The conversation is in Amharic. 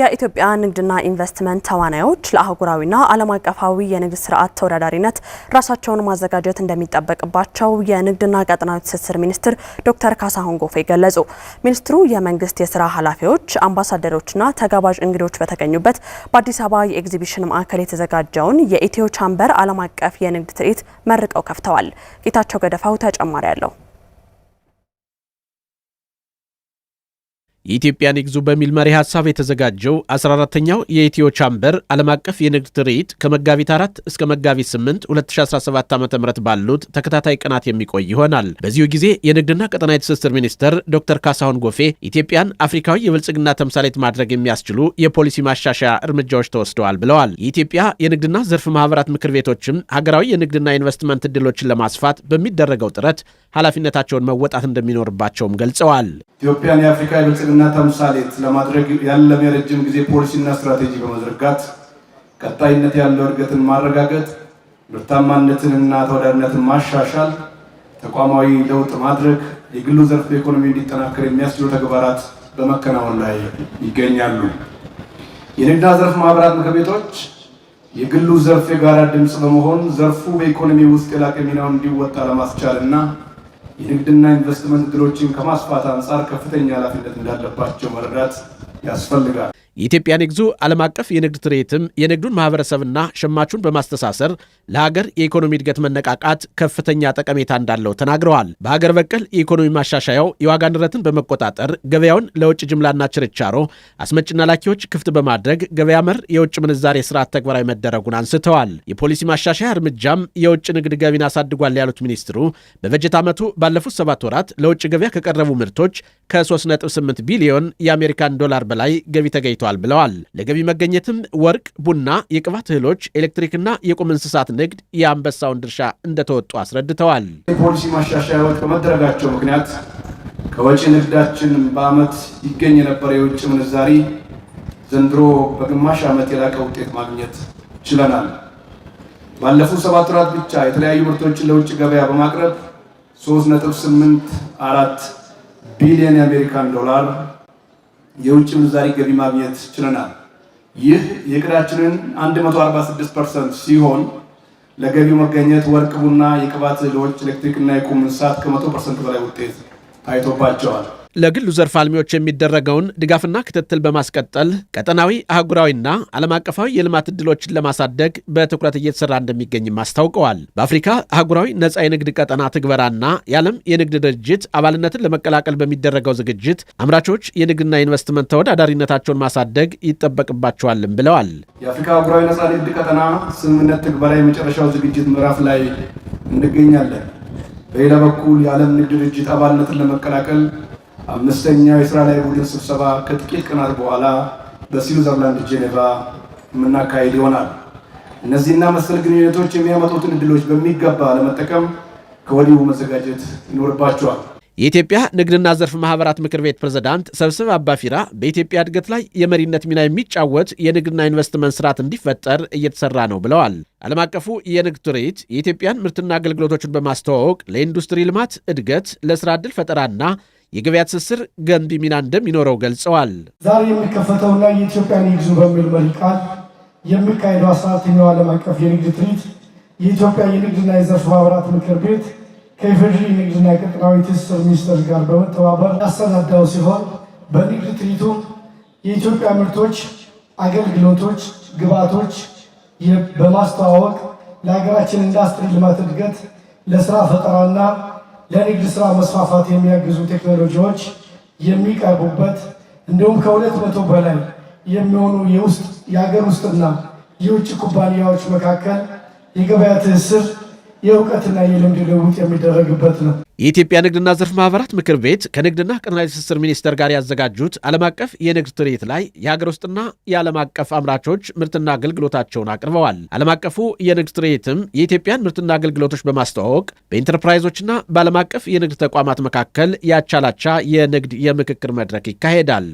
የኢትዮጵያ ንግድና ኢንቨስትመንት ተዋናዮች ለአህጉራዊና ዓለም አቀፋዊ የንግድ ስርዓት ተወዳዳሪነት ራሳቸውን ማዘጋጀት እንደሚጠበቅባቸው የንግድና ቀጠናዊ ትስስር ሚኒስትር ዶክተር ካሳሁን ጎፌ ገለጹ። ሚኒስትሩ የመንግስት የስራ ኃላፊዎች፣ አምባሳደሮችና ተጋባዥ እንግዶች በተገኙበት በአዲስ አበባ የኤግዚቢሽን ማዕከል የተዘጋጀውን የኢትዮ ቻምበር ዓለም አቀፍ የንግድ ትርኢት መርቀው ከፍተዋል። ጌታቸው ገደፋው ተጨማሪ አለው። የኢትዮጵያ ንግዙ በሚል መሪ ሐሳብ የተዘጋጀው 14ተኛው የኢትዮ ቻምበር ዓለም አቀፍ የንግድ ትርኢት ከመጋቢት 4 እስከ መጋቢት 8 2017 ዓ ም ባሉት ተከታታይ ቀናት የሚቆይ ይሆናል። በዚሁ ጊዜ የንግድና ቀጠናዊ ትስስር ሚኒስትር ዶክተር ካሳሁን ጎፌ ኢትዮጵያን አፍሪካዊ የብልጽግና ተምሳሌት ማድረግ የሚያስችሉ የፖሊሲ ማሻሻያ እርምጃዎች ተወስደዋል ብለዋል። የኢትዮጵያ የንግድና ዘርፍ ማህበራት ምክር ቤቶችም ሀገራዊ የንግድና ኢንቨስትመንት እድሎችን ለማስፋት በሚደረገው ጥረት ኃላፊነታቸውን መወጣት እንደሚኖርባቸውም ገልጸዋል። እና ተምሳሌት ለማድረግ ያለም የረጅም ጊዜ ፖሊሲና ስትራቴጂ በመዘርጋት ቀጣይነት ያለው እድገትን ማረጋገጥ፣ ምርታማነትንና ተወዳድነትን ማሻሻል፣ ተቋማዊ ለውጥ ማድረግ፣ የግሉ ዘርፍ ኢኮኖሚ እንዲጠናከር የሚያስችሉ ተግባራት በመከናወን ላይ ይገኛሉ። የንግድና ዘርፍ ማህበራት ምክር ቤቶች የግሉ ዘርፍ የጋራ ድምፅ በመሆን ዘርፉ በኢኮኖሚ ውስጥ የላቀ ሚናውን እንዲወጣ ለማስቻል እና የንግድና ኢንቨስትመንት እድሎችን ከማስፋት አንጻር ከፍተኛ ኃላፊነት እንዳለባቸው መረዳት ያስፈልጋል። የኢትዮጵያ ንግዙ ዓለም አቀፍ የንግድ ትርኢትም የንግዱን ማህበረሰብና ሸማቹን በማስተሳሰር ለሀገር የኢኮኖሚ እድገት መነቃቃት ከፍተኛ ጠቀሜታ እንዳለው ተናግረዋል። በሀገር በቀል የኢኮኖሚ ማሻሻያው የዋጋ ንረትን በመቆጣጠር ገበያውን ለውጭ ጅምላና ችርቻሮ አስመጭና ላኪዎች ክፍት በማድረግ ገበያ መር የውጭ ምንዛሬ ስርዓት ተግባራዊ መደረጉን አንስተዋል። የፖሊሲ ማሻሻያ እርምጃም የውጭ ንግድ ገቢን አሳድጓል ያሉት ሚኒስትሩ በበጀት ዓመቱ ባለፉት ሰባት ወራት ለውጭ ገበያ ከቀረቡ ምርቶች ከ3.8 ቢሊዮን የአሜሪካን ዶላር በላይ ገቢ ተገኝቷል ተገኝቷል ብለዋል። ለገቢ መገኘትም ወርቅ፣ ቡና፣ የቅባት እህሎች፣ ኤሌክትሪክና የቁም እንስሳት ንግድ የአንበሳውን ድርሻ እንደተወጡ አስረድተዋል። ፖሊሲ ማሻሻያዎች በመደረጋቸው ምክንያት ከወጪ ንግዳችን በዓመት ይገኝ የነበረ የውጭ ምንዛሪ ዘንድሮ በግማሽ ዓመት የላቀ ውጤት ማግኘት ችለናል። ባለፉት ሰባት ወራት ብቻ የተለያዩ ምርቶችን ለውጭ ገበያ በማቅረብ 3.84 ቢሊዮን የአሜሪካን ዶላር የውጭ ምንዛሪ ገቢ ማግኘት ችለናል። ይህ የዕቅዳችንን 146 ፐርሰንት ሲሆን ለገቢው መገኘት ወርቅ፣ ቡና፣ የቅባት እህሎች፣ ኤሌክትሪክና የቁም እንስሳት ከመቶ ፐርሰንት በላይ ውጤት ታይቶባቸዋል። ለግሉ ዘርፍ አልሚዎች የሚደረገውን ድጋፍና ክትትል በማስቀጠል ቀጠናዊ አህጉራዊና ዓለም አቀፋዊ የልማት ዕድሎችን ለማሳደግ በትኩረት እየተሰራ እንደሚገኝም አስታውቀዋል። በአፍሪካ አህጉራዊ ነጻ የንግድ ቀጠና ትግበራና የዓለም የንግድ ድርጅት አባልነትን ለመቀላቀል በሚደረገው ዝግጅት አምራቾች የንግድና ኢንቨስትመንት ተወዳዳሪነታቸውን ማሳደግ ይጠበቅባቸዋልም ብለዋል። የአፍሪካ አህጉራዊ ነጻ ንግድ ቀጠና ስምምነት ትግበራ የመጨረሻው ዝግጅት ምዕራፍ ላይ እንገኛለን። በሌላ በኩል የዓለም ንግድ ድርጅት አባልነትን ለመቀላቀል አምስተኛው የስራ ላይ ቡድን ስብሰባ ከጥቂት ቀናት በኋላ በስዊዘርላንድ ጄኔቫ የምናካሄድ ይሆናል። እነዚህና መሰል ግንኙነቶች የሚያመጡትን እድሎች በሚገባ ለመጠቀም ከወዲሁ መዘጋጀት ይኖርባቸዋል። የኢትዮጵያ ንግድና ዘርፍ ማህበራት ምክር ቤት ፕሬዝዳንት ሰብስብ አባፊራ በኢትዮጵያ እድገት ላይ የመሪነት ሚና የሚጫወት የንግድና ኢንቨስትመንት ስርዓት እንዲፈጠር እየተሰራ ነው ብለዋል። ዓለም አቀፉ የንግድ ትርኢት የኢትዮጵያን ምርትና አገልግሎቶችን በማስተዋወቅ ለኢንዱስትሪ ልማት እድገት፣ ለስራ ዕድል ፈጠራና የገበያ ትስስር ገንቢ ሚና እንደሚኖረው ገልጸዋል። ዛሬ የሚከፈተውና የኢትዮጵያን ይግዙ በሚል መሪ ቃል የሚካሄደው አስራ አራተኛው ዓለም አቀፍ የንግድ ትርኢት የኢትዮጵያ የንግድና የዘርፍ ማህበራት ምክር ቤት ከኢፌዴሪ ንግድና ቀጠናዊ ትስስር ሚኒስቴር ጋር በመተባበር ያሰናዳው ሲሆን በንግድ ትርኢቱ የኢትዮጵያ ምርቶች፣ አገልግሎቶች፣ ግብዓቶች በማስተዋወቅ ለሀገራችን ኢንዱስትሪ ልማት እድገት ለስራ ፈጠራና ለንግድ ስራ መስፋፋት የሚያግዙ ቴክኖሎጂዎች የሚቀርቡበት እንዲሁም ከሁለት መቶ በላይ የሚሆኑ የውስጥ የሀገር ውስጥና የውጭ ኩባንያዎች መካከል የገበያ ትስስር የእውቀትና የልምድ ልውውጥ የሚደረግበት ነው። የኢትዮጵያ ንግድና ዘርፍ ማህበራት ምክር ቤት ከንግድና ቀጠናዊ ትስስር ሚኒስቴር ጋር ያዘጋጁት ዓለም አቀፍ የንግድ ትርኢት ላይ የሀገር ውስጥና የዓለም አቀፍ አምራቾች ምርትና አገልግሎታቸውን አቅርበዋል። ዓለም አቀፉ የንግድ ትርኢትም የኢትዮጵያን ምርትና አገልግሎቶች በማስተዋወቅ በኢንተርፕራይዞችና በዓለም አቀፍ የንግድ ተቋማት መካከል ያቻላቻ የንግድ የምክክር መድረክ ይካሄዳል።